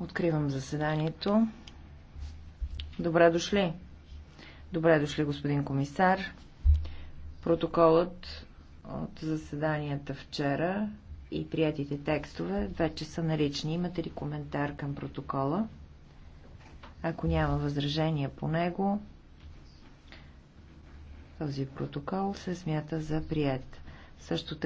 Откривам заседанието. Добре дошли. Добре дошли, господин комисар. Протоколът от заседанията вчера и приятите текстове вече са налични. Имате ли коментар към протокола? Ако няма възражение по него, този протокол се смята за прият. Също така